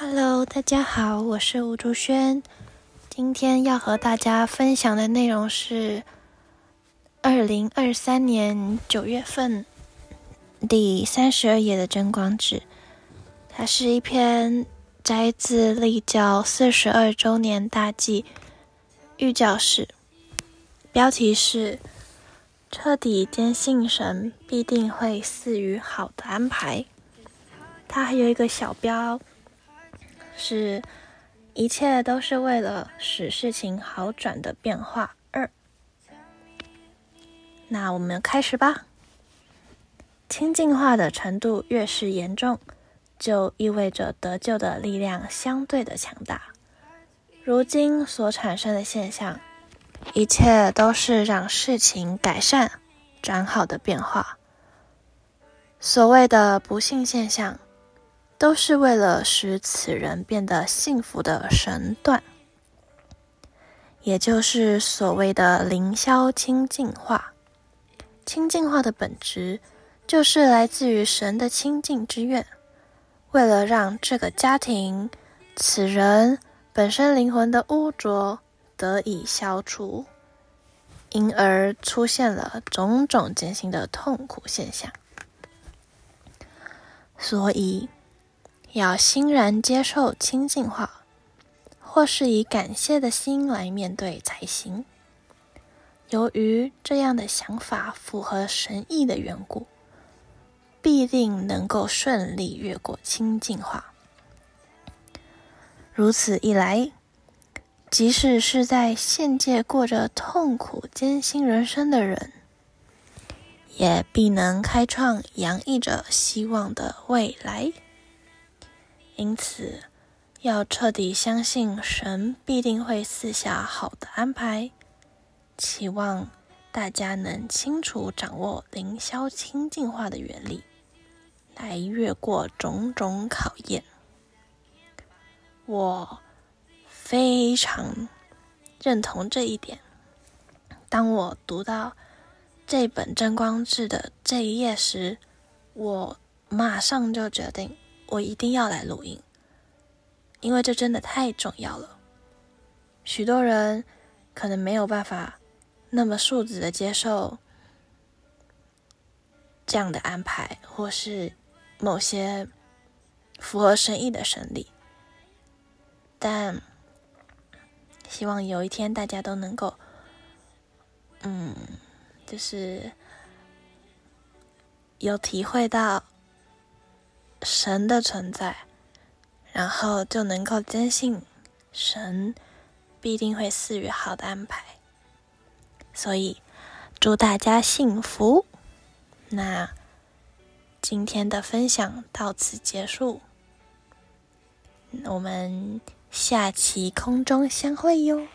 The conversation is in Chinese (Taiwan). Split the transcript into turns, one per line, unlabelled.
Hello，大家好，我是吳築宣。今天要和大家分享的內容是二零二三年九月份第三十二頁的真光誌，它是一篇摘自立教四十二周年大祭御教示，標題是“徹底堅信神必定會賜予好的安排”。它還有一個小標。是，一切都是為了使事情好轉的變化。二，那我們開始吧。清淨化的程度越是嚴重，就意味着得救的力量相對的強大。如今所產生的現象，一切都是讓事情改善、轉好的變化。所謂的不幸現象，都是為了使此人變得幸福的神斷，也就是所謂的靈霄清淨化。清淨化的本質，就是來自於神的清淨之願，為了讓這個家庭、此人本身靈魂的汙濁得以消除，因而出現了種種艱辛的痛苦現象。所以。要欣然接受清淨化，或是以感謝的心來面對才行。由於這樣的想法符合神意的緣故，必定能夠順利越過清淨化。如此一來，即使是在現界過着痛苦艱辛人生的人，也必能開創洋溢着希望的未來。因此，要徹底相信神必定會賜下好的安排，期望大家能清楚掌握靈霄清淨化的原理，來越過種種考驗。我非常認同這一點。當我讀到這本《真光誌》的這一頁時，我馬上就決定。我一定要來錄音，因為這真的太重要了。許多人可能沒有辦法那麼素質的接受這樣的安排，或是某些符合神意的神力，但希望有一天大家都能夠，嗯，就是有體會到。神的存在，然後就能夠堅信，神必定會賜予好的安排。所以，祝大家幸福。那今天的分享到此結束，我們下期空中相會喲。